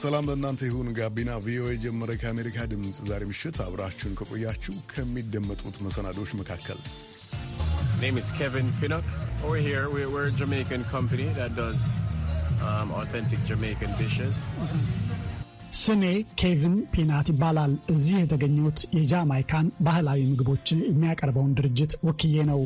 ሰላም ለእናንተ ይሁን። ጋቢና ቪኦኤ ጀመረ። ከአሜሪካ ድምፅ ዛሬ ምሽት አብራችሁን ከቆያችሁ ከሚደመጡት መሰናዶች መካከል um, ስሜ ኬቪን ፒናት ይባላል። እዚህ የተገኘሁት የጃማይካን ባህላዊ ምግቦች የሚያቀርበውን ድርጅት ወክዬ ነው።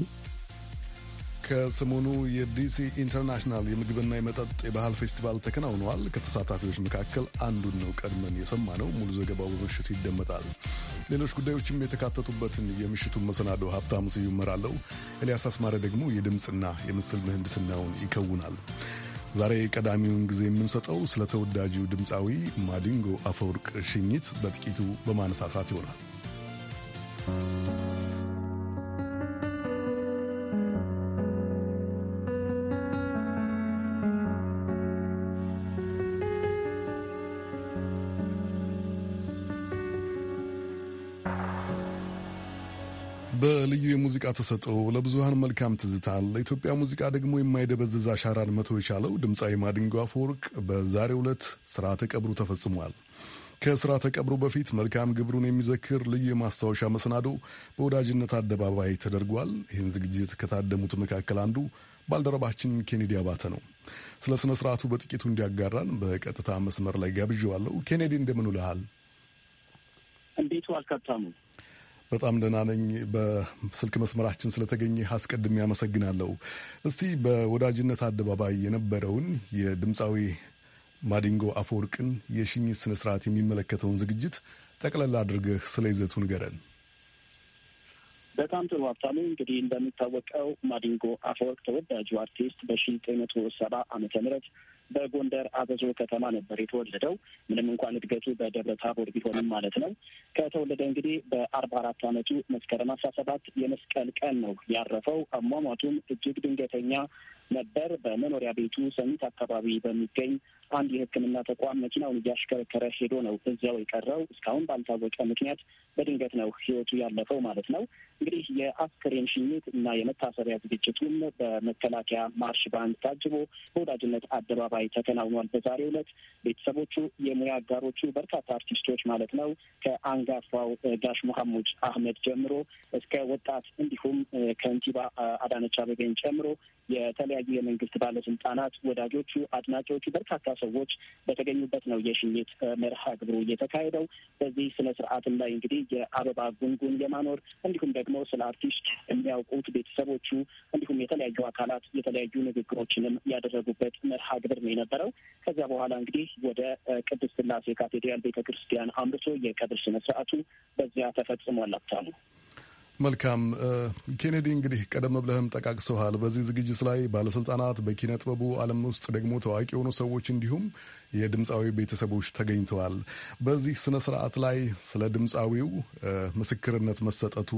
ከሰሞኑ የዲሲ ኢንተርናሽናል የምግብና የመጠጥ የባህል ፌስቲቫል ተከናውነዋል። ከተሳታፊዎች መካከል አንዱን ነው ቀድመን የሰማ ነው። ሙሉ ዘገባው በምሽቱ ይደመጣል። ሌሎች ጉዳዮችም የተካተቱበትን የምሽቱን መሰናዶ ሀብታም ስዩም ይመራለው። ኤልያስ አስማረ ደግሞ የድምፅና የምስል ምህንድስናውን ይከውናል። ዛሬ ቀዳሚውን ጊዜ የምንሰጠው ስለ ተወዳጁ ድምፃዊ ማዲንጎ አፈወርቅ ሽኝት በጥቂቱ በማነሳሳት ይሆናል። ልዩ የሙዚቃ ተሰጥኦ ለብዙሃን መልካም ትዝታን ለኢትዮጵያ ሙዚቃ ደግሞ የማይደበዝዝ አሻራን መቶ የቻለው ድምፃዊ ማዲንጎ አፈወርቅ በዛሬ ዕለት ስርዓተ ቀብሩ ተፈጽሟል። ከስርዓተ ቀብሩ በፊት መልካም ግብሩን የሚዘክር ልዩ የማስታወሻ መሰናዶ በወዳጅነት አደባባይ ተደርጓል። ይህን ዝግጅት ከታደሙት መካከል አንዱ ባልደረባችን ኬኔዲ አባተ ነው። ስለ ስነ ስርዓቱ በጥቂቱ እንዲያጋራን በቀጥታ መስመር ላይ ጋብዣዋለሁ። ኬኔዲ እንደምን ውልሃል? እንዴቱ አልከታሙ በጣም ደህና ነኝ። በስልክ መስመራችን ስለተገኘ አስቀድሜ አመሰግናለሁ። እስቲ በወዳጅነት አደባባይ የነበረውን የድምፃዊ ማዲንጎ አፈወርቅን የሽኝት ስነ ስርዓት የሚመለከተውን ዝግጅት ጠቅለል አድርገህ ስለ ይዘቱ ንገረን። በጣም ጥሩ ሀብታሙ። እንግዲህ እንደሚታወቀው ማዲንጎ አፈወርቅ ተወዳጁ አርቲስት በሺ ዘጠኝ መቶ ሰባ አመተ ምህረት በጎንደር አበዞ ከተማ ነበር የተወለደው። ምንም እንኳን እድገቱ በደብረ ታቦር ቢሆንም ማለት ነው። ከተወለደ እንግዲህ በአርባ አራት ዓመቱ መስከረም አስራ ሰባት የመስቀል ቀን ነው ያረፈው። አሟሟቱም እጅግ ድንገተኛ ነበር። በመኖሪያ ቤቱ ሰሚት አካባቢ በሚገኝ አንድ የሕክምና ተቋም መኪናውን እያሽከረከረ ሄዶ ነው እዚያው የቀረው። እስካሁን ባልታወቀ ምክንያት በድንገት ነው ህይወቱ ያለፈው ማለት ነው። የአስክሬን ሽኝት እና የመታሰቢያ ዝግጅቱም በመከላከያ ማርሽ ባንድ ታጅቦ በወዳጅነት አደባባይ ተከናውኗል። በዛሬ ዕለት ቤተሰቦቹ፣ የሙያ አጋሮቹ በርካታ አርቲስቶች ማለት ነው ከአንጋፋው ጋሽ መሐሙድ አህመድ ጀምሮ እስከ ወጣት እንዲሁም ከንቲባ አዳነች አበቤን ጨምሮ የተለያዩ የመንግስት ባለስልጣናት፣ ወዳጆቹ፣ አድናቂዎቹ በርካታ ሰዎች በተገኙበት ነው የሽኝት መርሃ ግብሩ እየተካሄደው። በዚህ ስነ ስርዓትም ላይ እንግዲህ የአበባ ጉንጉን የማኖር እንዲሁም ደግሞ ስለ አርቲስት የሚያውቁት ቤተሰቦቹ፣ እንዲሁም የተለያዩ አካላት የተለያዩ ንግግሮችንም ያደረጉበት መርሃ ግብር ነው የነበረው። ከዚያ በኋላ እንግዲህ ወደ ቅድስት ስላሴ ካቴድራል ቤተ ክርስቲያን አምርቶ የቀብር ስነ ስርዓቱ በዚያ ተፈጽሟል። አብታሉ መልካም ኬኔዲ፣ እንግዲህ ቀደም ብለህም ጠቃቅሰሃል። በዚህ ዝግጅት ላይ ባለስልጣናት፣ በኪነ ጥበቡ ዓለም ውስጥ ደግሞ ታዋቂ የሆኑ ሰዎች እንዲሁም የድምፃዊ ቤተሰቦች ተገኝተዋል። በዚህ ስነ ስርዓት ላይ ስለ ድምፃዊው ምስክርነት መሰጠቱ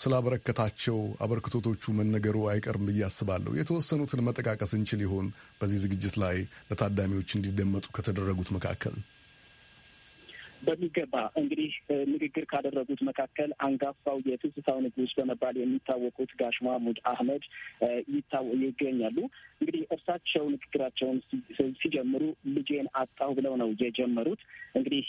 ስላበረከታቸው አበርክቶቶቹ መነገሩ አይቀርም ብዬ አስባለሁ። የተወሰኑትን መጠቃቀስ እንችል ይሆን በዚህ ዝግጅት ላይ ለታዳሚዎች እንዲደመጡ ከተደረጉት መካከል? በሚገባ እንግዲህ ንግግር ካደረጉት መካከል አንጋፋው የትዝታው ንጉስ በመባል የሚታወቁት ጋሽ ማህሙድ አህመድ ይገኛሉ። እንግዲህ እርሳቸው ንግግራቸውን ሲጀምሩ ልጄን አጣሁ ብለው ነው የጀመሩት። እንግዲህ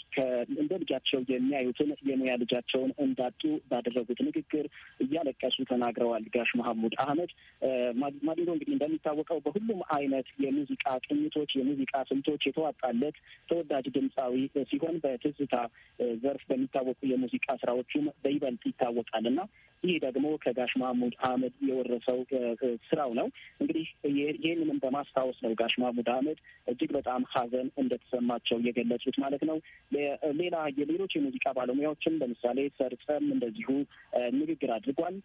እንደ ልጃቸው የሚያዩትን የሙያ ልጃቸውን እንዳጡ ባደረጉት ንግግር እያለቀሱ ተናግረዋል። ጋሽ መሐሙድ አህመድ ማዲንጎ እንግዲህ እንደሚታወቀው በሁሉም አይነት የሙዚቃ ቅኝቶች፣ የሙዚቃ ስልቶች የተዋጣለት ተወዳጅ ድምፃዊ ሲሆን በትዝ በትዝታ ዘርፍ በሚታወቁ የሙዚቃ ስራዎቹም በይበልጥ ይታወቃል እና ይህ ደግሞ ከጋሽ ማህሙድ አህመድ የወረሰው ስራው ነው። እንግዲህ ይህንንም በማስታወስ ነው ጋሽ ማህሙድ አህመድ እጅግ በጣም ሀዘን እንደተሰማቸው የገለጹት ማለት ነው። ሌላ የሌሎች የሙዚቃ ባለሙያዎችም ለምሳሌ ሰርጸም እንደዚሁ ንግግር አድርጓል።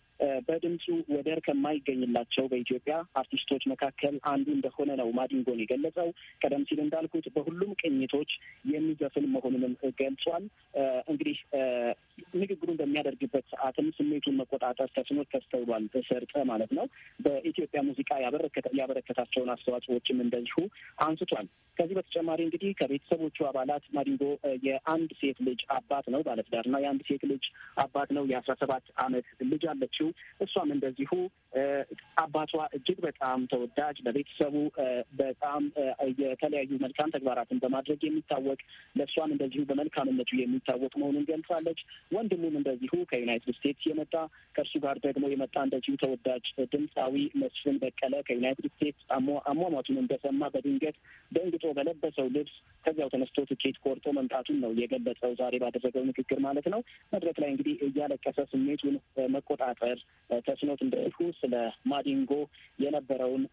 በድምፁ ወደር ከማይገኝላቸው በኢትዮጵያ አርቲስቶች መካከል አንዱ እንደሆነ ነው ማዲንጎን የገለጸው። ቀደም ሲል እንዳልኩት በሁሉም ቅኝቶች የሚዘፍን መሆኑንም ገልጿል። እንግዲህ ንግግሩን በሚያደርግበት ሰዓትም ስሜቱን መቆጣጠር ተጽዕኖች ተስተውሏል። ሰርጸ ማለት ነው። በኢትዮጵያ ሙዚቃ ያበረከታቸውን አስተዋጽኦዎችም እንደዚሁ አንስቷል። ከዚህ በተጨማሪ እንግዲህ ከቤተሰቦቹ አባላት ማዲንጎ የአንድ ሴት ልጅ አባት ነው። ባለትዳር የአንድ ሴት ልጅ አባት ነው። የአስራ ሰባት ዓመት ልጅ አለችው። እሷም እንደዚሁ አባቷ እጅግ በጣም ተወዳጅ፣ በቤተሰቡ በጣም የተለያዩ መልካም ተግባራትን በማድረግ የሚታወቅ ለእሷም እንደዚሁ በመልካምነቱ የሚታወቅ መሆኑን ገልጻለች። ወንድሙም እንደዚሁ ከዩናይትድ ስቴትስ የመጣ ከእርሱ ጋር ደግሞ የመጣ እንደዚሁ ተወዳጅ ድምፃዊ መስፍን በቀለ ከዩናይትድ ስቴትስ አሟሟቱን እንደሰማ በድንገት ደንግጦ በለበሰው ልብስ ከዚያው ተነስቶ ትኬት ቆርጦ መምጣቱን ነው የገለጸው። ዛሬ ባደረገው ንግግር ማለት ነው። መድረክ ላይ እንግዲህ እያለቀሰ ስሜቱን መቆጣጠር ተስኖት እንደዚሁ ስለ ማዲንጎ የነበረውን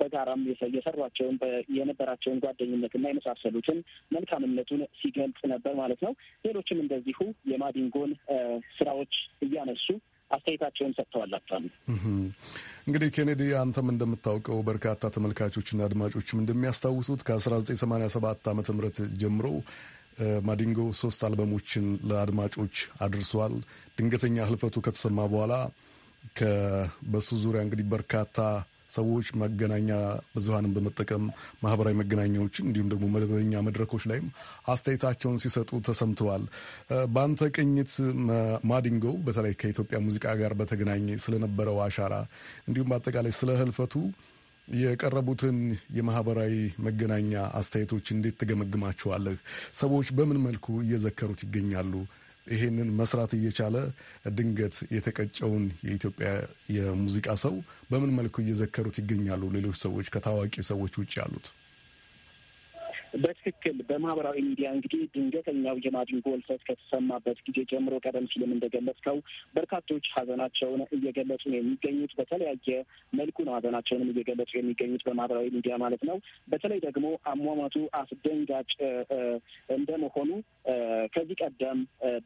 በጋራም የሰሯቸውን የነበራቸውን ጓደኝነትና የመሳሰሉትን መልካምነቱን ሲገልጽ ነበር ማለት ነው። ሌሎችም እንደዚሁ የማዲንጎን ስራዎች እያነሱ አስተያየታቸውን ሰጥተዋል። አፍታሉ እንግዲህ ኬኔዲ፣ አንተም እንደምታውቀው በርካታ ተመልካቾችና አድማጮችም እንደሚያስታውሱት ከ1987 ዓ ም ጀምሮ ማዲንጎ ሶስት አልበሞችን ለአድማጮች አድርሷል። ድንገተኛ ህልፈቱ ከተሰማ በኋላ በሱ ዙሪያ እንግዲህ በርካታ ሰዎች መገናኛ ብዙሃንን በመጠቀም ማህበራዊ መገናኛዎችን እንዲሁም ደግሞ መደበኛ መድረኮች ላይም አስተያየታቸውን ሲሰጡ ተሰምተዋል። በአንተ ቅኝት ማዲንጎ በተለይ ከኢትዮጵያ ሙዚቃ ጋር በተገናኘ ስለነበረው አሻራ እንዲሁም በአጠቃላይ ስለ ህልፈቱ የቀረቡትን የማህበራዊ መገናኛ አስተያየቶች እንዴት ትገመግማቸዋለህ? ሰዎች በምን መልኩ እየዘከሩት ይገኛሉ? ይሄንን መስራት እየቻለ ድንገት የተቀጨውን የኢትዮጵያ የሙዚቃ ሰው በምን መልኩ እየዘከሩት ይገኛሉ? ሌሎች ሰዎች ከታዋቂ ሰዎች ውጭ ያሉት በትክክል በማህበራዊ ሚዲያ እንግዲህ ድንገተኛው የማዲንጎ እልፈት ከተሰማበት ጊዜ ጀምሮ ቀደም ሲልም እንደገለጽከው በርካቶች ሀዘናቸውን እየገለጹ ነው የሚገኙት። በተለያየ መልኩ ነው ሀዘናቸውንም እየገለጹ የሚገኙት በማህበራዊ ሚዲያ ማለት ነው። በተለይ ደግሞ አሟሟቱ አስደንጋጭ እንደመሆኑ ከዚህ ቀደም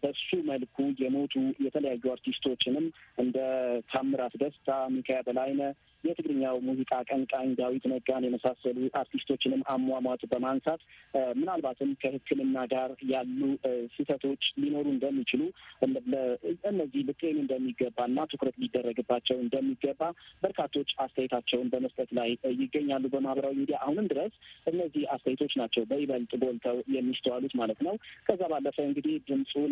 በሱ መልኩ የሞቱ የተለያዩ አርቲስቶችንም እንደ ታምራት ደስታ፣ ሚካኤል በላይነህ የትግርኛው ሙዚቃ አቀንቃኝ ዳዊት ነጋን የመሳሰሉ አርቲስቶችንም አሟሟት በማንሳት ምናልባትም ከሕክምና ጋር ያሉ ስህተቶች ሊኖሩ እንደሚችሉ እነዚህ ልጤኑ እንደሚገባና ትኩረት ሊደረግባቸው እንደሚገባ በርካቶች አስተያየታቸውን በመስጠት ላይ ይገኛሉ። በማህበራዊ ሚዲያ አሁንም ድረስ እነዚህ አስተያየቶች ናቸው በይበልጥ ጎልተው የሚስተዋሉት ማለት ነው። ከዛ ባለፈ እንግዲህ ድምፁን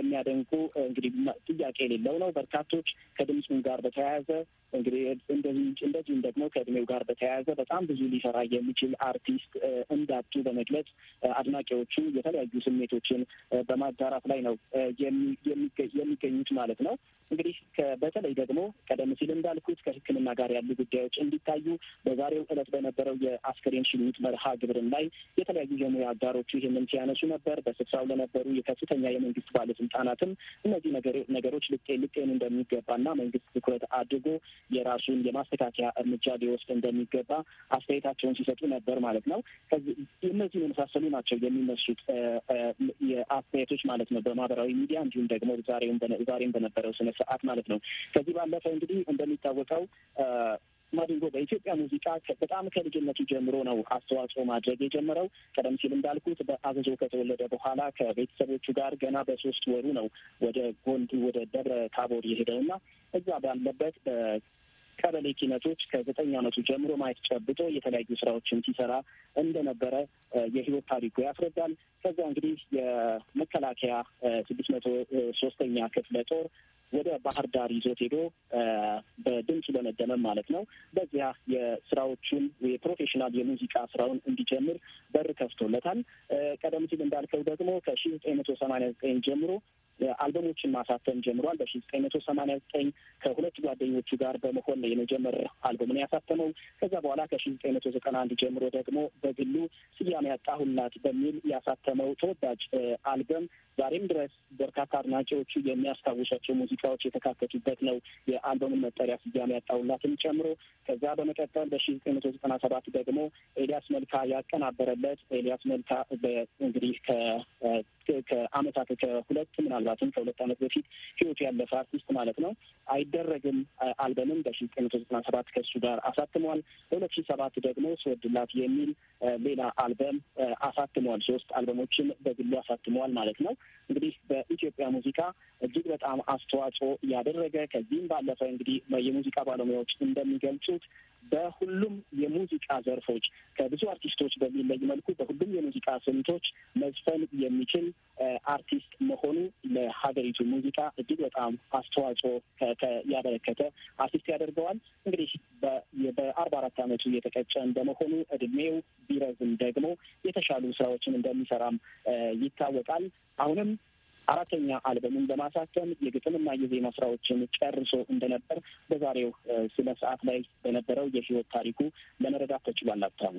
የሚያደንቁ እንግዲህ ጥያቄ የሌለው ነው። በርካቶች ከድምፁን ጋር በተያያዘ እንግዲህ እንደዚህ ውጭ እንደዚሁም ደግሞ ከእድሜው ጋር በተያያዘ በጣም ብዙ ሊሰራ የሚችል አርቲስት እንዳጡ በመግለጽ አድናቂዎቹ የተለያዩ ስሜቶችን በማጋራት ላይ ነው የሚገኙት ማለት ነው። እንግዲህ በተለይ ደግሞ ቀደም ሲል እንዳልኩት ከሕክምና ጋር ያሉ ጉዳዮች እንዲታዩ በዛሬው ዕለት በነበረው የአስክሬን ሽኝት መርሃ ግብርም ላይ የተለያዩ የሙያ አጋሮቹ ይህንን ሲያነሱ ነበር። በስፍራው ለነበሩ የከፍተኛ የመንግስት ባለስልጣናትም እነዚህ ነገሮች ልጤ ሊጤኑ እንደሚገባና መንግስት ትኩረት አድርጎ የራሱን የማስተ የማስተካከያ እርምጃ ሊወስድ እንደሚገባ አስተያየታቸውን ሲሰጡ ነበር ማለት ነው። እነዚህ የመሳሰሉ ናቸው የሚነሱት የአስተያየቶች ማለት ነው በማህበራዊ ሚዲያ እንዲሁም ደግሞ ዛሬም በነበረው ስነ ስርዓት ማለት ነው። ከዚህ ባለፈ እንግዲህ እንደሚታወቀው ማዲንጎ በኢትዮጵያ ሙዚቃ በጣም ከልጅነቱ ጀምሮ ነው አስተዋጽኦ ማድረግ የጀመረው። ቀደም ሲል እንዳልኩት በአዘዞ ከተወለደ በኋላ ከቤተሰቦቹ ጋር ገና በሶስት ወሩ ነው ወደ ጎንዱ ወደ ደብረ ታቦር የሄደውና እዛ ባለበት ቀበሌ ኪነቶች ከዘጠኝ ዓመቱ ጀምሮ ማየት ጨብጦ የተለያዩ ስራዎችን ሲሰራ እንደነበረ የህይወት ታሪኩ ያስረዳል። ከዚ እንግዲህ የመከላከያ ስድስት መቶ ሶስተኛ ክፍለ ጦር ወደ ባህር ዳር ይዞት ሄዶ በድምፅ ለመደመም ማለት ነው። በዚያ የስራዎቹን የፕሮፌሽናል የሙዚቃ ስራውን እንዲጀምር በር ከፍቶለታል። ቀደም ሲል እንዳልከው ደግሞ ከሺ ዘጠኝ መቶ ሰማኒያ ዘጠኝ ጀምሮ አልበሞችን ማሳተም ጀምሯል። በሺ ዘጠኝ መቶ ሰማኒያ ዘጠኝ ከሁለት ጓደኞቹ ጋር በመሆን የመጀመሪያ አልበሙን ያሳተመው። ከዛ በኋላ ከሺ ዘጠኝ መቶ ዘጠና አንድ ጀምሮ ደግሞ በግሉ ስያሜ ያጣሁላት በሚል ያሳተመው ተወዳጅ አልበም ዛሬም ድረስ በርካታ አድናቂዎቹ የሚያስታውሻቸው ሙዚቃዎች የተካተቱበት ነው። የአልበሙን መጠሪያ ስያሜ ያጣሁላትን ጨምሮ ከዛ በመቀጠል በሺ ዘጠኝ መቶ ዘጠና ሰባት ደግሞ ኤልያስ መልካ ያቀናበረለት ኤልያስ መልካ እንግዲህ ከ ከአመታት ከሁለት ምናልባትም ከሁለት አመት በፊት ህይወቱ ያለፈ አርቲስት ማለት ነው። አይደረግም አልበምም በሺ ዘጠኝ መቶ ዘጠና ሰባት ከእሱ ጋር አሳትሟል። በሁለት ሺ ሰባት ደግሞ ስወድላት የሚል ሌላ አልበም አሳትሟል። ሶስት አልበሞችን በግሉ አሳትሟል ማለት ነው። እንግዲህ በኢትዮጵያ ሙዚቃ እጅግ በጣም አስተዋጽኦ ያደረገ ከዚህም ባለፈ እንግዲህ የሙዚቃ ባለሙያዎች እንደሚገልጹት በሁሉም የሙዚቃ ዘርፎች ከብዙ አርቲስቶች በሚለይ መልኩ በሁሉም የሙዚቃ ስልቶች መዝፈን የሚችል አርቲስት መሆኑ ለሀገሪቱ ሙዚቃ እጅግ በጣም አስተዋጽኦ ያበረከተ አርቲስት ያደርገዋል። እንግዲህ በአርባ አራት ዓመቱ የተቀጨ እንደመሆኑ እድሜው ቢረዝም ደግሞ የተሻሉ ስራዎችን እንደሚሰራም ይታወቃል። አሁንም አራተኛ አልበሙን በማሳተም የግጥምና የዜማ ስራዎችን ጨርሶ እንደነበር በዛሬው ስነ ሰዓት ላይ በነበረው የህይወት ታሪኩ ለመረዳት ተችሏል። አብታሙ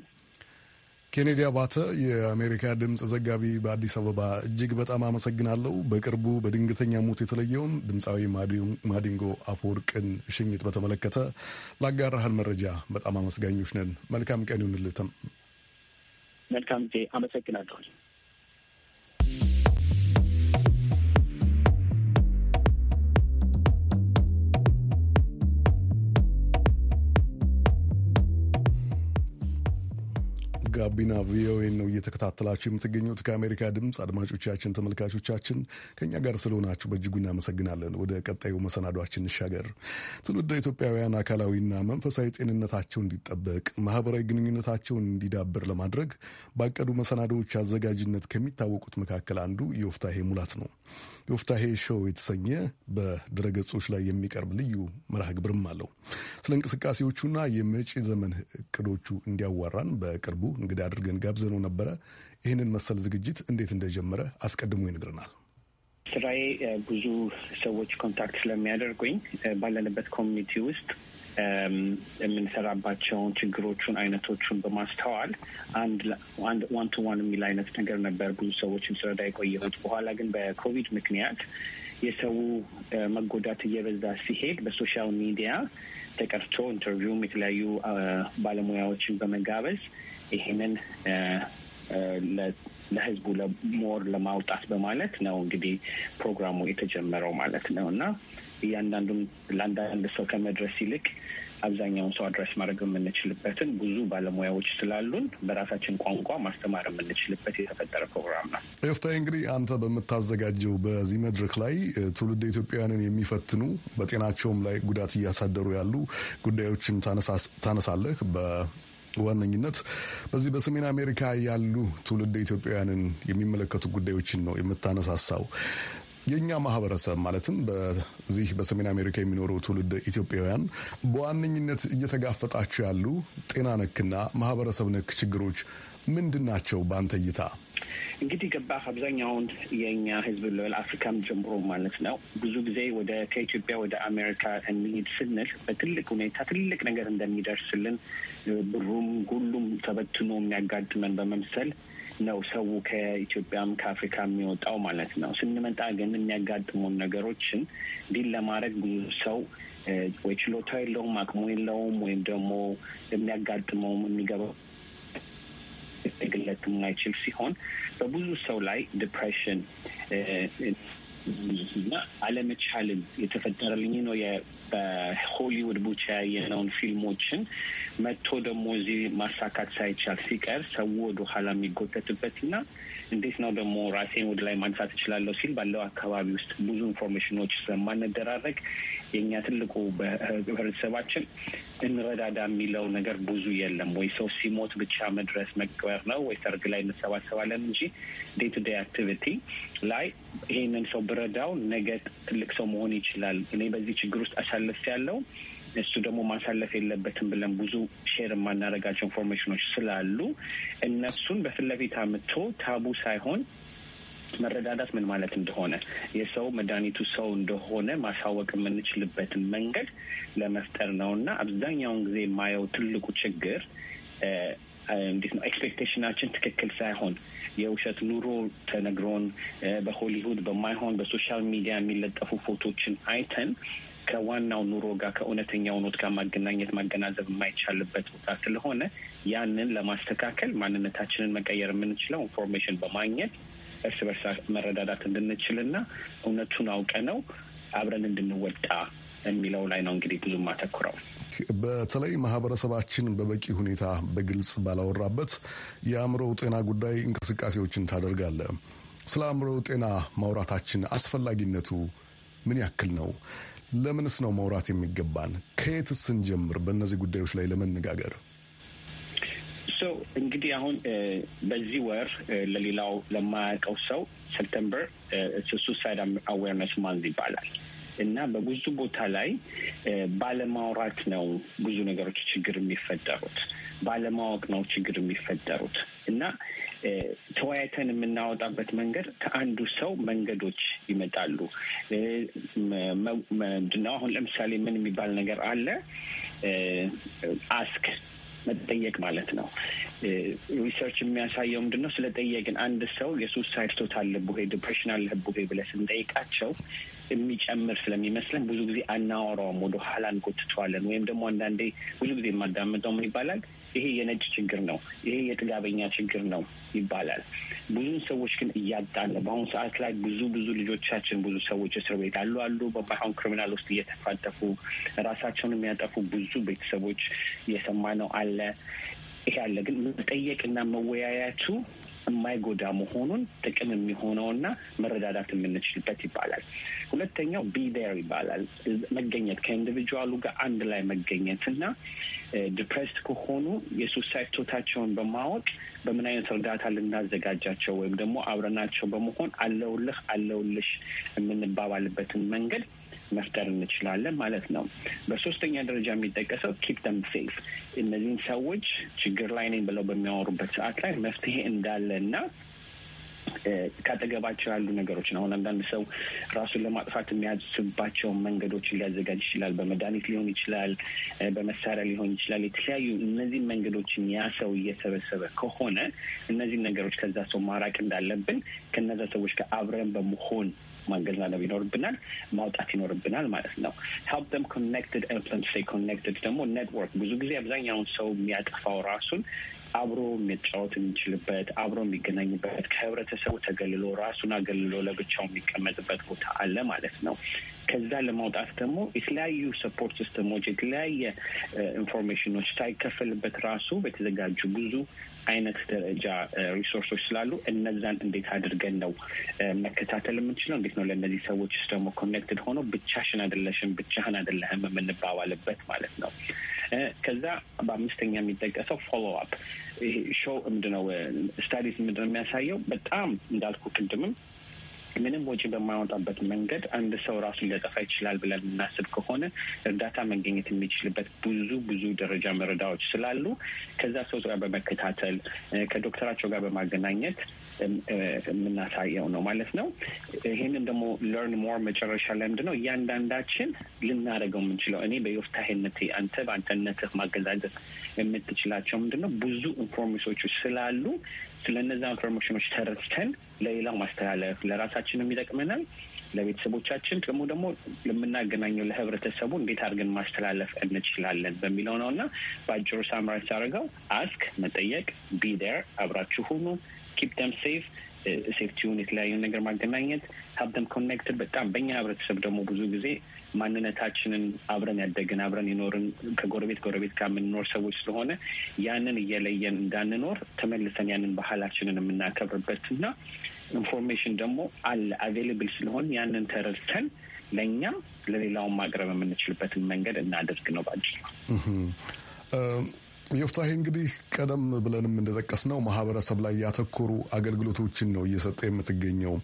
ኬኔዲ አባተ፣ የአሜሪካ ድምፅ ዘጋቢ በአዲስ አበባ፣ እጅግ በጣም አመሰግናለሁ። በቅርቡ በድንገተኛ ሞት የተለየውን ድምፃዊ ማዲንጎ አፈወርቅን ሽኝት በተመለከተ ላጋራህን መረጃ በጣም አመስጋኞች ነን። መልካም ቀን ይሁንልህ። መልካም ጊዜ። አመሰግናለሁ። ጋቢና ቪኦኤ ነው እየተከታተላችሁ የምትገኙት። ከአሜሪካ ድምፅ አድማጮቻችን፣ ተመልካቾቻችን ከእኛ ጋር ስለሆናችሁ በእጅጉ እናመሰግናለን። ወደ ቀጣዩ መሰናዷችን እንሻገር። ትውልደ ኢትዮጵያውያን አካላዊና መንፈሳዊ ጤንነታቸው እንዲጠበቅ፣ ማህበራዊ ግንኙነታቸውን እንዲዳብር ለማድረግ ባቀዱ መሰናዶዎች አዘጋጅነት ከሚታወቁት መካከል አንዱ የወፍታሄ ሙላት ነው። የወፍታሄ ሾው የተሰኘ በድረገጾች ላይ የሚቀርብ ልዩ መርሃ ግብርም አለው። ስለ እንቅስቃሴዎቹና የመጪ ዘመን እቅዶቹ እንዲያዋራን በቅርቡ እንግዳ አድርገን ጋብዘነው ነበረ። ይህንን መሰል ዝግጅት እንዴት እንደጀመረ አስቀድሞ ይነግረናል። ስራዬ ብዙ ሰዎች ኮንታክት ስለሚያደርጉኝ ባለንበት ኮሚኒቲ ውስጥ የምንሰራባቸውን ችግሮቹን አይነቶቹን በማስተዋል አንድ ዋን ቱ ዋን የሚል አይነት ነገር ነበር ብዙ ሰዎችን ስረዳ የቆየሁት። በኋላ ግን በኮቪድ ምክንያት የሰው መጎዳት እየበዛ ሲሄድ በሶሻል ሚዲያ ተቀርቶ ኢንተርቪውም የተለያዩ ባለሙያዎችን በመጋበዝ ይህንን ለህዝቡ ሞር ለማውጣት በማለት ነው እንግዲህ ፕሮግራሙ የተጀመረው ማለት ነው እና እያንዳንዱም ለአንዳንድ ሰው ከመድረስ ይልቅ አብዛኛውን ሰው አድረስ ማድረግ የምንችልበትን ብዙ ባለሙያዎች ስላሉን በራሳችን ቋንቋ ማስተማር የምንችልበት የተፈጠረ ፕሮግራም ነው። ኤፍታይ እንግዲህ አንተ በምታዘጋጀው በዚህ መድረክ ላይ ትውልድ ኢትዮጵያውያንን የሚፈትኑ በጤናቸውም ላይ ጉዳት እያሳደሩ ያሉ ጉዳዮችን ታነሳለህ። ዋነኝነት በዚህ በሰሜን አሜሪካ ያሉ ትውልድ ኢትዮጵያውያንን የሚመለከቱ ጉዳዮችን ነው የምታነሳሳው። የእኛ ማህበረሰብ ማለትም በዚህ በሰሜን አሜሪካ የሚኖሩ ትውልድ ኢትዮጵያውያን በዋነኝነት እየተጋፈጣቸው ያሉ ጤና ነክና ማህበረሰብ ነክ ችግሮች ምንድን ናቸው በአንተ እይታ? እንግዲህ ገባህ አብዛኛውን የኛ ህዝብ ልበል አፍሪካም ጀምሮ ማለት ነው ብዙ ጊዜ ወደ ከኢትዮጵያ ወደ አሜሪካ እንሂድ ስንል በትልቅ ሁኔታ ትልቅ ነገር እንደሚደርስልን ብሩም ሁሉም ተበትኖ የሚያጋድመን በመምሰል ነው ሰው ከኢትዮጵያም ከአፍሪካ የሚወጣው ማለት ነው። ስንመጣ ግን የሚያጋጥሙን ነገሮችን ዲል ለማድረግ ብዙ ሰው ወይ ችሎታ የለውም፣ አቅሙ የለውም፣ ወይም ደግሞ የሚያጋጥመውም የሚገባው ልትገለጥ የማይችል ሲሆን በብዙ ሰው ላይ ዲፕሬሽን እና አለመቻልን የተፈጠረልኝ ነው። በሆሊውድ ብቻ ያየነውን ፊልሞችን መጥቶ ደግሞ እዚህ ማሳካት ሳይቻል ሲቀር ሰው ወደኋላ የሚጎተትበት እና እንዴት ነው ደግሞ ራሴን ወደ ላይ ማንሳት እችላለሁ ሲል ባለው አካባቢ ውስጥ ብዙ ኢንፎርሜሽኖች ስለማንደራረግ የእኛ ትልቁ በህብረተሰባችን እንረዳዳ የሚለው ነገር ብዙ የለም ወይ ሰው ሲሞት ብቻ መድረስ መቅበር ነው ወይ ሰርግ ላይ እንሰባሰባለን እንጂ ዴይ ቱ ዴይ አክቲቪቲ ላይ ይህንን ሰው ብረዳው ነገ ትልቅ ሰው መሆን ይችላል፣ እኔ በዚህ ችግር ውስጥ አሳለፍ ያለው እሱ ደግሞ ማሳለፍ የለበትም ብለን ብዙ ሼር የማናደርጋቸው ኢንፎርሜሽኖች ስላሉ እነሱን በፊት ለፊት አምቶ ታቡ ሳይሆን መረዳዳት ምን ማለት እንደሆነ የሰው መድኃኒቱ ሰው እንደሆነ ማሳወቅ የምንችልበትን መንገድ ለመፍጠር ነው እና አብዛኛውን ጊዜ የማየው ትልቁ ችግር እንዴት ነው ኤክስፔክቴሽናችን ትክክል ሳይሆን የውሸት ኑሮ ተነግሮን በሆሊውድ በማይሆን በሶሻል ሚዲያ የሚለጠፉ ፎቶችን አይተን ከዋናው ኑሮ ጋር ከእውነተኛው ኖት ጋር ማገናኘት ማገናዘብ የማይቻልበት ቦታ ስለሆነ ያንን ለማስተካከል ማንነታችንን መቀየር የምንችለው ኢንፎርሜሽን በማግኘት እርስ በርስ መረዳዳት እንድንችልና እውነቱን አውቀ ነው አብረን እንድንወጣ የሚለው ላይ ነው እንግዲህ ብዙ ማተኩረው። በተለይ ማህበረሰባችን በበቂ ሁኔታ በግልጽ ባላወራበት የአእምሮ ጤና ጉዳይ እንቅስቃሴዎችን ታደርጋለ። ስለ አእምሮ ጤና ማውራታችን አስፈላጊነቱ ምን ያክል ነው? ለምንስ ነው ማውራት የሚገባን? ከየትስ ስንጀምር በእነዚህ ጉዳዮች ላይ ለመነጋገር እንግዲህ አሁን በዚህ ወር ለሌላው ለማያውቀው ሰው ሴፕተምበር ሱሳይድ አዌርነስ ማንዝ ይባላል። እና በብዙ ቦታ ላይ ባለማውራት ነው ብዙ ነገሮች ችግር የሚፈጠሩት። ባለማወቅ ነው ችግር የሚፈጠሩት እና ተወያይተን የምናወጣበት መንገድ ከአንዱ ሰው መንገዶች ይመጣሉ። ምንድነው አሁን ለምሳሌ ምን የሚባል ነገር አለ አስክ መጠየቅ ማለት ነው። ሪሰርች የሚያሳየው ምንድን ነው? ስለጠየቅን አንድ ሰው የሱሳይድ ቶታል ልቡሄ ዲፕሬሽን አለብህ ብለህ ስንጠይቃቸው የሚጨምር ስለሚመስለን ብዙ ጊዜ አናወራውም፣ ወደ ኋላ እንጎትተዋለን። ወይም ደግሞ አንዳንዴ ብዙ ጊዜ የማዳምጠው ምን ይባላል ይሄ የነጭ ችግር ነው፣ ይሄ የጥጋበኛ ችግር ነው ይባላል። ብዙ ሰዎች ግን እያጣለ በአሁኑ ሰዓት ላይ ብዙ ብዙ ልጆቻችን ብዙ ሰዎች እስር ቤት አሉ አሉ በማይሆን ክሪሚናል ውስጥ እየተፋጠፉ ራሳቸውን የሚያጠፉ ብዙ ቤተሰቦች እየሰማነው አለ። ይሄ አለ ግን መጠየቅና መወያያቱ የማይጎዳ መሆኑን ጥቅም የሚሆነውና መረዳዳት የምንችልበት ይባላል። ሁለተኛው ቢዴር ይባላል። መገኘት ከኢንዲቪጁዋሉ ጋር አንድ ላይ መገኘትና ዲፕሬስድ ከሆኑ የሱሳይድ ቶታቸውን በማወቅ በምን አይነት እርዳታ ልናዘጋጃቸው ወይም ደግሞ አብረናቸው በመሆን አለውልህ አለውልሽ የምንባባልበትን መንገድ መፍጠር እንችላለን ማለት ነው። በሶስተኛ ደረጃ የሚጠቀሰው ኪፕ ደም ሴፍ፣ እነዚህን ሰዎች ችግር ላይ ነኝ ብለው በሚያወሩበት ሰዓት ላይ መፍትሄ እንዳለ እና ካጠገባቸው ያሉ ነገሮች ነው። አሁን አንዳንድ ሰው ራሱን ለማጥፋት የሚያስባቸውን መንገዶችን ሊያዘጋጅ ይችላል። በመድኃኒት ሊሆን ይችላል፣ በመሳሪያ ሊሆን ይችላል። የተለያዩ እነዚህን መንገዶችን ያ ሰው እየሰበሰበ ከሆነ እነዚህን ነገሮች ከዛ ሰው ማራቅ እንዳለብን ከነዛ ሰዎች ጋር አብረን በመሆን ማገናዘብ ይኖርብናል፣ ማውጣት ይኖርብናል ማለት ነው። ሄልፕ ደም ኮኔክትድ ኢንፍሉንስ ኮኔክትድ ደግሞ ኔትወርክ ብዙ ጊዜ አብዛኛውን ሰው የሚያጠፋው ራሱን አብሮ መጫወት የሚችልበት አብሮ የሚገናኝበት ከህብረተሰቡ ተገልሎ ራሱን አገልሎ ለብቻው የሚቀመጥበት ቦታ አለ ማለት ነው። ከዛ ለማውጣት ደግሞ የተለያዩ ሰፖርት ሲስተሞች የተለያየ ኢንፎርሜሽኖች ሳይከፈልበት ራሱ በተዘጋጁ ብዙ አይነት ደረጃ ሪሶርሶች ስላሉ እነዛን እንዴት አድርገን ነው መከታተል የምንችለው? እንዴት ነው ለእነዚህ ሰዎችስ ደግሞ ኮኔክትድ ሆኖ ብቻሽን አይደለሽም ብቻህን አይደለህም የምንባባልበት ማለት ነው። ከዛ በአምስተኛ የሚጠቀሰው ፎሎ አፕ ይሄ ሾው ምንድነው ስታዲስ ምንድነው የሚያሳየው በጣም እንዳልኩ ቅድምም ምንም ወጪ በማያወጣበት መንገድ አንድ ሰው ራሱ ሊያጠፋ ይችላል ብለን የምናስብ ከሆነ እርዳታ መገኘት የሚችልበት ብዙ ብዙ ደረጃ መረዳዎች ስላሉ ከዛ ሰው ጋር በመከታተል ከዶክተራቸው ጋር በማገናኘት የምናሳየው ነው ማለት ነው። ይህንን ደግሞ ለርን ሞር መጨረሻ ላይ ምንድነው እያንዳንዳችን ልናደርገው የምንችለው እኔ በዮፍታሄነቴ አንተ በአንተነትህ ማገዛዘት የምትችላቸው ምንድነው ብዙ ኢንፎርሜሽኖች ስላሉ ስለ እነዛ ኢንፎርሜሽኖች ተረድተን ለሌላው ማስተላለፍ ለራሳችንም ይጠቅመናል፣ ለቤተሰቦቻችን ደግሞ ደግሞ ለምናገናኘው ለህብረተሰቡ እንዴት አድርገን ማስተላለፍ እንችላለን በሚለው ነው እና በአጭሩ ሳምራይዝ አድርገው አስክ መጠየቅ፣ ቢ ዴር አብራችሁ ሁኑ፣ ኪፕ ደም ሴፍ ሴፍቲውን የተለያዩ ነገር ማገናኘት፣ ሀብ ደም ኮኔክትድ በጣም በእኛ ህብረተሰብ ደግሞ ብዙ ጊዜ ማንነታችንን አብረን ያደግን አብረን ይኖርን ከጎረቤት ጎረቤት ጋር የምንኖር ሰዎች ስለሆነ ያንን እየለየን እንዳንኖር ተመልሰን ያንን ባህላችንን የምናከብርበት እና ኢንፎርሜሽን ደግሞ አለ አቬይላብል ስለሆን ያንን ተረድተን ለእኛም ለሌላውን ማቅረብ የምንችልበትን መንገድ እናደርግ ነው ባጭሩ። የፍታሄ እንግዲህ ቀደም ብለንም እንደጠቀስነው ማህበረሰብ ላይ ያተኮሩ አገልግሎቶችን ነው እየሰጠ የምትገኘው።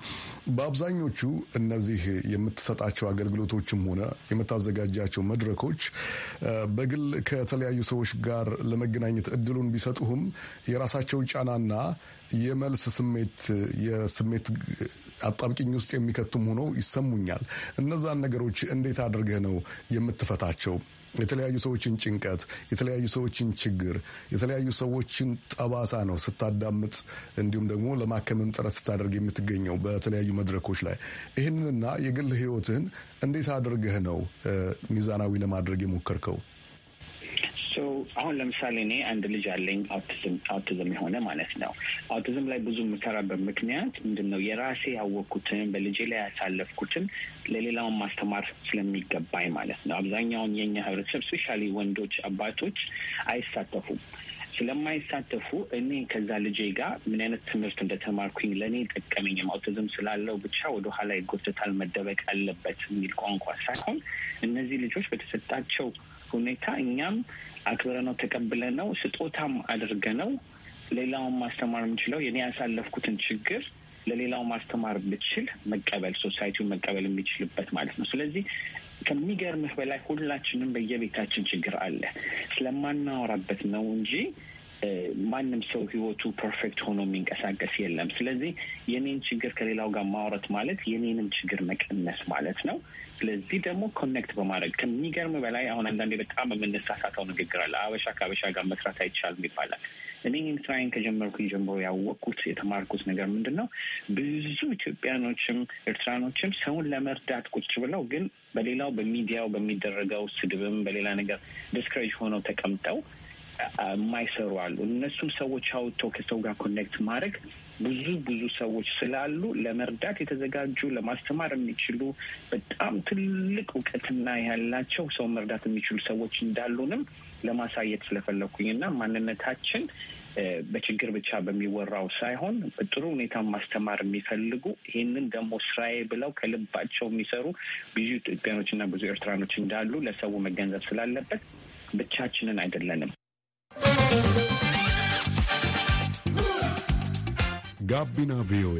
በአብዛኞቹ እነዚህ የምትሰጣቸው አገልግሎቶችም ሆነ የምታዘጋጃቸው መድረኮች በግል ከተለያዩ ሰዎች ጋር ለመገናኘት እድሉን ቢሰጡህም የራሳቸው ጫናና የመልስ ስሜት የስሜት አጣብቂኝ ውስጥ የሚከቱም ሆነው ይሰሙኛል። እነዛን ነገሮች እንዴት አድርገህ ነው የምትፈታቸው? የተለያዩ ሰዎችን ጭንቀት፣ የተለያዩ ሰዎችን ችግር፣ የተለያዩ ሰዎችን ጠባሳ ነው ስታዳምጥ፣ እንዲሁም ደግሞ ለማከምም ጥረት ስታደርግ የምትገኘው በተለያዩ መድረኮች ላይ ይህንንና የግል ህይወትህን እንዴት አድርገህ ነው ሚዛናዊ ለማድረግ የሞከርከው? አሁን ለምሳሌ እኔ አንድ ልጅ አለኝ አውቲዝም አውቲዝም የሆነ ማለት ነው። አውቲዝም ላይ ብዙ የምሰራበት ምክንያት ምንድን ነው? የራሴ ያወቅኩትን በልጄ ላይ ያሳለፍኩትን ለሌላውን ማስተማር ስለሚገባኝ ማለት ነው። አብዛኛውን የኛ ህብረተሰብ ስፔሻሊ ወንዶች አባቶች አይሳተፉም። ስለማይሳተፉ እኔ ከዛ ልጄ ጋር ምን አይነት ትምህርት እንደተማርኩኝ ለእኔ ጠቀመኝም አውቲዝም ስላለው ብቻ ወደኋላ ይጎተታል መደበቅ አለበት የሚል ቋንቋ ሳይሆን እነዚህ ልጆች በተሰጣቸው ሁኔታ እኛም አክብረ ነው ተቀብለ ነው ስጦታም አድርገ ነው ሌላውን ማስተማር የምችለው የኔ ያሳለፍኩትን ችግር ለሌላው ማስተማር ብችል መቀበል ሶሳይቲውን መቀበል የሚችልበት ማለት ነው። ስለዚህ ከሚገርምህ በላይ ሁላችንም በየቤታችን ችግር አለ። ስለማናወራበት ነው እንጂ ማንም ሰው ህይወቱ ፐርፌክት ሆኖ የሚንቀሳቀስ የለም። ስለዚህ የኔን ችግር ከሌላው ጋር ማውረት ማለት የኔንም ችግር መቀነስ ማለት ነው። ስለዚህ ደግሞ ኮኔክት በማድረግ ከሚገርም በላይ አሁን አንዳንዴ በጣም የምንሳሳተው ንግግር አለ። አበሻ ከአበሻ ጋር መስራት አይቻልም ይባላል። እኔ ይህን ስራዬን ከጀመርኩኝ ጀምሮ ያወቅኩት የተማርኩት ነገር ምንድን ነው? ብዙ ኢትዮጵያኖችም ኤርትራኖችም ሰውን ለመርዳት ቁጭ ብለው ግን በሌላው በሚዲያው በሚደረገው ስድብም በሌላ ነገር ዲስክሬጅ ሆነው ተቀምጠው የማይሰሩ አሉ። እነሱም ሰዎች አውጥቶ ከሰው ጋር ኮኔክት ማድረግ ብዙ ብዙ ሰዎች ስላሉ ለመርዳት የተዘጋጁ ለማስተማር የሚችሉ በጣም ትልቅ እውቀትና ያላቸው ሰው መርዳት የሚችሉ ሰዎች እንዳሉንም ለማሳየት ስለፈለኩኝ እና ማንነታችን በችግር ብቻ በሚወራው ሳይሆን በጥሩ ሁኔታ ማስተማር የሚፈልጉ ይህንን ደግሞ ስራዬ ብለው ከልባቸው የሚሰሩ ብዙ ኢትዮጵያኖችና ብዙ ኤርትራኖች እንዳሉ ለሰው መገንዘብ ስላለበት ብቻችንን አይደለንም። ጋቢና ቪኦኤ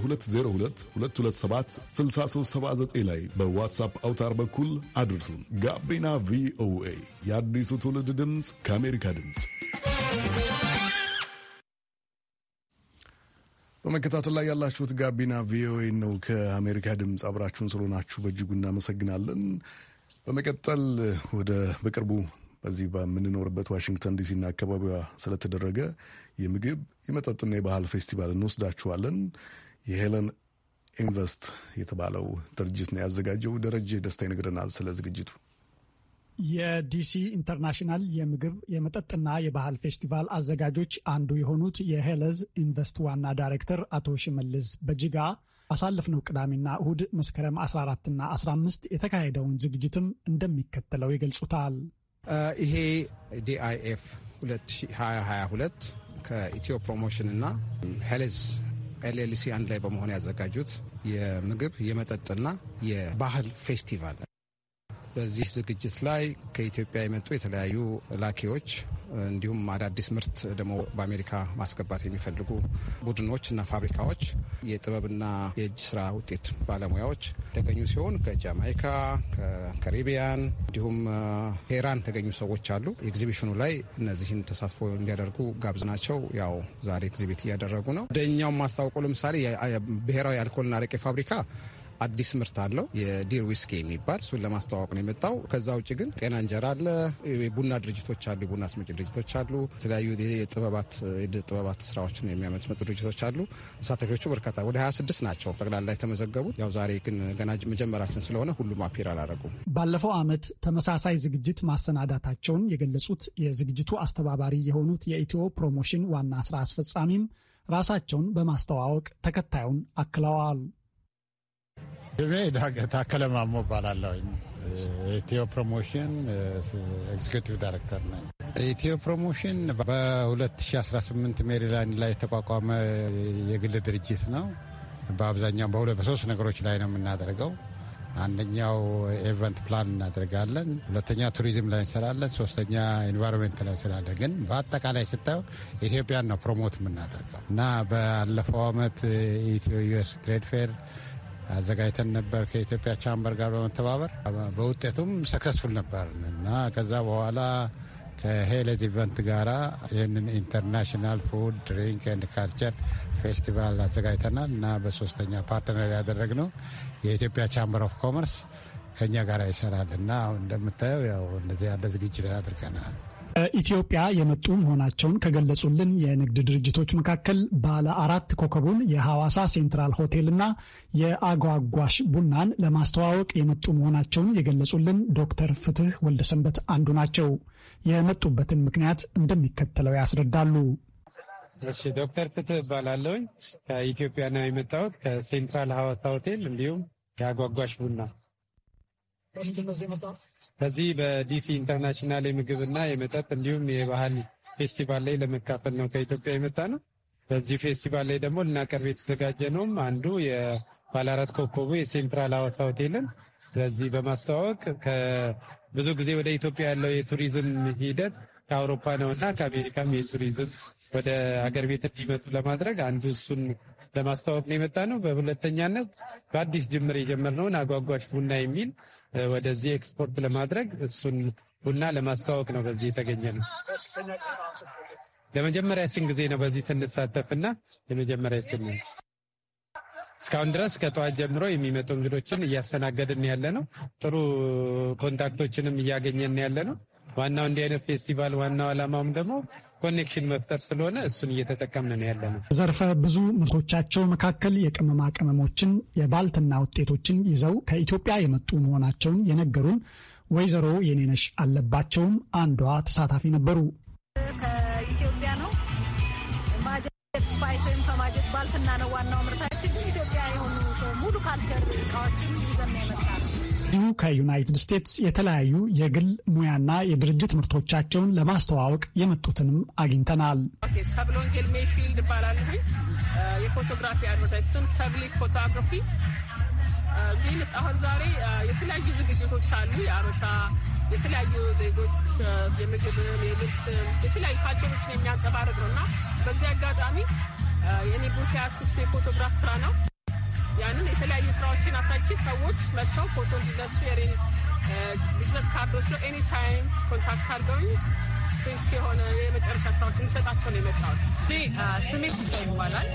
2022276379 ላይ በዋትሳፕ አውታር በኩል አድርሱን። ጋቢና ቪኦኤ የአዲሱ ትውልድ ድምፅ ከአሜሪካ ድምፅ በመከታተል ላይ ያላችሁት ጋቢና ቪኦኤ ነው። ከአሜሪካ ድምፅ አብራችሁን ስለሆናችሁ በእጅጉ እናመሰግናለን። በመቀጠል ወደ በቅርቡ በዚህ በምንኖርበት ዋሽንግተን ዲሲና አካባቢዋ ስለተደረገ የምግብ የመጠጥና የባህል ፌስቲቫል እንወስዳችኋለን። የሄለን ኢንቨስት የተባለው ድርጅት ነው ያዘጋጀው። ደረጀ ደስታ ይነግረናል ስለ ዝግጅቱ። የዲሲ ኢንተርናሽናል የምግብ የመጠጥና የባህል ፌስቲቫል አዘጋጆች አንዱ የሆኑት የሄለዝ ኢንቨስት ዋና ዳይሬክተር አቶ ሽመልስ በጅጋ ባሳለፍነው ቅዳሜና እሁድ መስከረም 14ና 15 የተካሄደውን ዝግጅትም እንደሚከተለው ይገልጹታል። ይሄ ዲአይኤፍ 2022 ከኢትዮ ፕሮሞሽን እና ሄለዝ ኤልኤልሲ አንድ ላይ በመሆን ያዘጋጁት የምግብ የመጠጥና የባህል ፌስቲቫል በዚህ ዝግጅት ላይ ከኢትዮጵያ የመጡ የተለያዩ ላኪዎች እንዲሁም አዳዲስ ምርት ደግሞ በአሜሪካ ማስገባት የሚፈልጉ ቡድኖች እና ፋብሪካዎች የጥበብና የእጅ ስራ ውጤት ባለሙያዎች የተገኙ ሲሆን ከጃማይካ፣ ከካሪቢያን እንዲሁም ሄራን የተገኙ ሰዎች አሉ። ኤግዚቢሽኑ ላይ እነዚህን ተሳትፎ እንዲያደርጉ ጋብዝ ናቸው። ያው ዛሬ ኤግዚቢት እያደረጉ ነው። ደኛውም ማስታወቁ ለምሳሌ ብሔራዊ አልኮልና አረቄ ፋብሪካ አዲስ ምርት አለው የዲር ዊስኪ የሚባል እሱን ለማስተዋወቅ ነው የመጣው። ከዛ ውጭ ግን ጤና እንጀራ አለ፣ የቡና ድርጅቶች አሉ፣ የቡና አስመጪ ድርጅቶች አሉ፣ የተለያዩ የጥበባት ጥበባት ስራዎችን የሚያመጡ ድርጅቶች አሉ። ተሳታፊዎቹ በርካታ ወደ 26 ናቸው ጠቅላላ የተመዘገቡት። ያው ዛሬ ግን ገና መጀመራችን ስለሆነ ሁሉም አፒር አላረጉም። ባለፈው አመት ተመሳሳይ ዝግጅት ማሰናዳታቸውን የገለጹት የዝግጅቱ አስተባባሪ የሆኑት የኢትዮ ፕሮሞሽን ዋና ስራ አስፈጻሚም ራሳቸውን በማስተዋወቅ ተከታዩን አክለዋል። ስሜ ታከለ ማሞ እባላለሁኝ። ኢትዮ ፕሮሞሽን ኤግዚኪቲቭ ዳይሬክተር ነኝ። ኢትዮ ፕሮሞሽን በ2018 ሜሪላንድ ላይ የተቋቋመ የግል ድርጅት ነው። በአብዛኛው በሁለት በሶስት ነገሮች ላይ ነው የምናደርገው። አንደኛው ኤቨንት ፕላን እናደርጋለን፣ ሁለተኛ ቱሪዝም ላይ እንሰራለን፣ ሶስተኛ ኤንቫይሮንሜንት ላይ እንሰራለን። ግን በአጠቃላይ ስታየው ኢትዮጵያን ነው ፕሮሞት የምናደርገው እና ባለፈው አመት ኢትዮ ዩኤስ ትሬድ ፌር አዘጋጅተን ነበር ከኢትዮጵያ ቻምበር ጋር በመተባበር በውጤቱም ሰክሰስፉል ነበር እና ከዛ በኋላ ከሄለት ኢቨንት ጋራ ይህንን ኢንተርናሽናል ፉድ ድሪንክ ኤንድ ካልቸር ፌስቲቫል አዘጋጅተናል እና በሶስተኛ ፓርትነር ያደረግነው የኢትዮጵያ ቻምበር ኦፍ ኮመርስ ከኛ ጋር ይሰራል እና እንደምታየው ያው እንደዚህ ያለ ዝግጅት አድርገናል። ኢትዮጵያ የመጡ መሆናቸውን ከገለጹልን የንግድ ድርጅቶች መካከል ባለ አራት ኮከቡን የሐዋሳ ሴንትራል ሆቴልና የአጓጓሽ ቡናን ለማስተዋወቅ የመጡ መሆናቸውን የገለጹልን ዶክተር ፍትህ ወልደሰንበት አንዱ ናቸው። የመጡበትን ምክንያት እንደሚከተለው ያስረዳሉ። እሺ፣ ዶክተር ፍትህ እባላለሁኝ። ከኢትዮጵያ ነው የመጣሁት ከሴንትራል ሐዋሳ ሆቴል እንዲሁም የአጓጓሽ ቡና በዚህ በዲሲ ኢንተርናሽናል የምግብና የመጠጥ እንዲሁም የባህል ፌስቲቫል ላይ ለመካፈል ነው ከኢትዮጵያ የመጣ ነው። በዚህ ፌስቲቫል ላይ ደግሞ ልናቀርብ የተዘጋጀ ነውም አንዱ የባለአራት ኮኮቡ ኮከቡ የሴንትራል ሀዋሳ ሆቴልን በዚህ በማስተዋወቅ ብዙ ጊዜ ወደ ኢትዮጵያ ያለው የቱሪዝም ሂደት ከአውሮፓ ነው እና ከአሜሪካም የቱሪዝም ወደ አገር ቤት እንዲመጡ ለማድረግ አንዱ እሱን ለማስተዋወቅ ነው የመጣ ነው። በሁለተኛነት በአዲስ ጅምር የጀመርነውን አጓጓሽ ቡና የሚል ወደዚህ ኤክስፖርት ለማድረግ እሱን ቡና ለማስተዋወቅ ነው በዚህ የተገኘ ነው። ለመጀመሪያችን ጊዜ ነው በዚህ ስንሳተፍና የመጀመሪያችን ነው። እስካሁን ድረስ ከጠዋት ጀምሮ የሚመጡ እንግዶችን እያስተናገድን ያለ ነው። ጥሩ ኮንታክቶችንም እያገኘን ያለ ነው። ዋናው እንዲህ አይነት ፌስቲቫል ዋናው ዓላማውም ደግሞ ኮኔክሽን መፍጠር ስለሆነ እሱን እየተጠቀምን ነው ያለ ነው። ዘርፈ ብዙ ምርቶቻቸው መካከል የቅመማ ቅመሞችን፣ የባልትና ውጤቶችን ይዘው ከኢትዮጵያ የመጡ መሆናቸውን የነገሩን ወይዘሮ የኔነሽ አለባቸውም አንዷ ተሳታፊ ነበሩ። ከኢትዮጵያ ነው ማጀት ስፓይስ ወይም ከማጀት ባልትና ነው ዋናው ምርታችን። ኢትዮጵያ የሆኑ ሙሉ ካልቸር እቃዎችን ይዘን ነው የመጣ እንዲሁ ከዩናይትድ ስቴትስ የተለያዩ የግል ሙያና የድርጅት ምርቶቻቸውን ለማስተዋወቅ የመጡትንም አግኝተናል። ሰብለ ሜይፊልድ እባላለሁኝ። የፎቶግራፊ አድቨርታይዝ ስም ፎቶግራፊ እዚህ የመጣሁት ዛሬ የተለያዩ ዝግጅቶች አሉ። የአበሻ የተለያዩ ዜጎች የምግብም፣ የልብስ፣ የተለያዩ ካልቸሮችን የሚያንጸባርቅ ነው እና በዚህ አጋጣሚ የኔ ቦታ ያስኩት የፎቶግራፍ ስራ ነው። ያንን የተለያዩ ስራዎችን አሳይቼ ሰዎች መጥተው ፎቶ እንዲነሱ የሬን ቢዝነስ ካርድ ወስዶ ኤኒ ታይም ኮንታክት አድርገውኝ ፕሪንት የሆነ የመጨረሻ ስራዎች እንሰጣቸው ነው የመጣሁት። ስሜት ይባላል።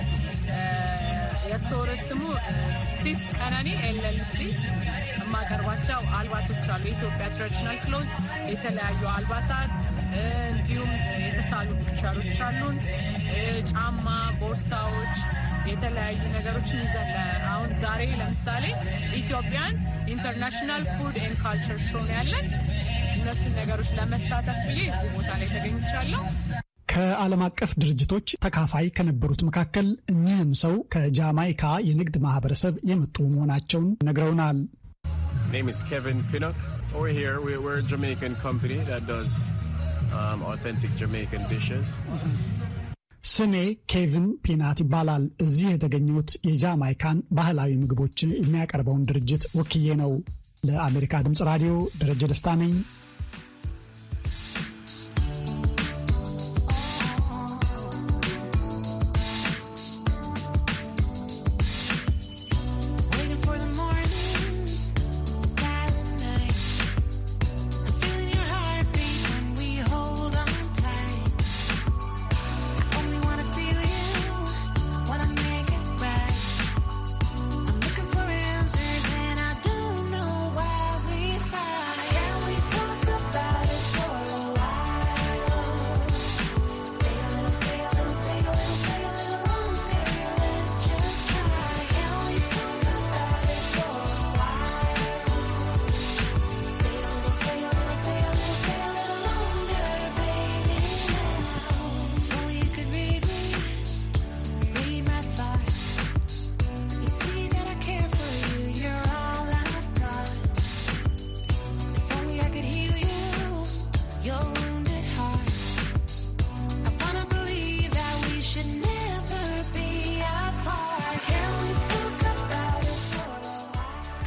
የስቶር ስሙ ሲስ ቀነኔ ኤልኤልሲ። የማቀርባቸው አልባቶች አሉ። የኢትዮጵያ ትራዲሽናል ክሎዝ፣ የተለያዩ አልባሳት እንዲሁም የተሳሉ ፒክቸሮች አሉን። ጫማ፣ ቦርሳዎች የተለያዩ ነገሮችን ይዘን አሁን ዛሬ ለምሳሌ ኢትዮጵያን ኢንተርናሽናል ፉድ ኤንድ ካልቸር ሾ ነው ያለን። እነሱን ነገሮች ለመሳተፍ ብዬ እዚህ ቦታ ላይ ተገኝቻለሁ። ከዓለም አቀፍ ድርጅቶች ተካፋይ ከነበሩት መካከል እኚህም ሰው ከጃማይካ የንግድ ማህበረሰብ የመጡ መሆናቸውን ነግረውናል። ስሜ ኬቪን ፒናት ይባላል። እዚህ የተገኘሁት የጃማይካን ባህላዊ ምግቦችን የሚያቀርበውን ድርጅት ወክዬ ነው። ለአሜሪካ ድምፅ ራዲዮ ደረጀ ደስታ ነኝ።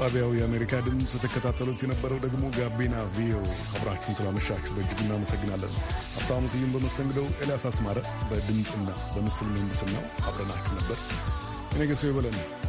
ጣቢያው የአሜሪካ ድምፅ የተከታተሉት የነበረው ደግሞ ጋቢና ቪኦኤ። አብራችሁን ስላመሻችሁ በእጅጉ እናመሰግናለን። ሀብታሙ ስዩም በመስተንግደው፣ ኤልያስ አስማረ በድምፅና በምስል ምህንድስና አብረናችሁ ነበር። የነገ ሰው ይበለን።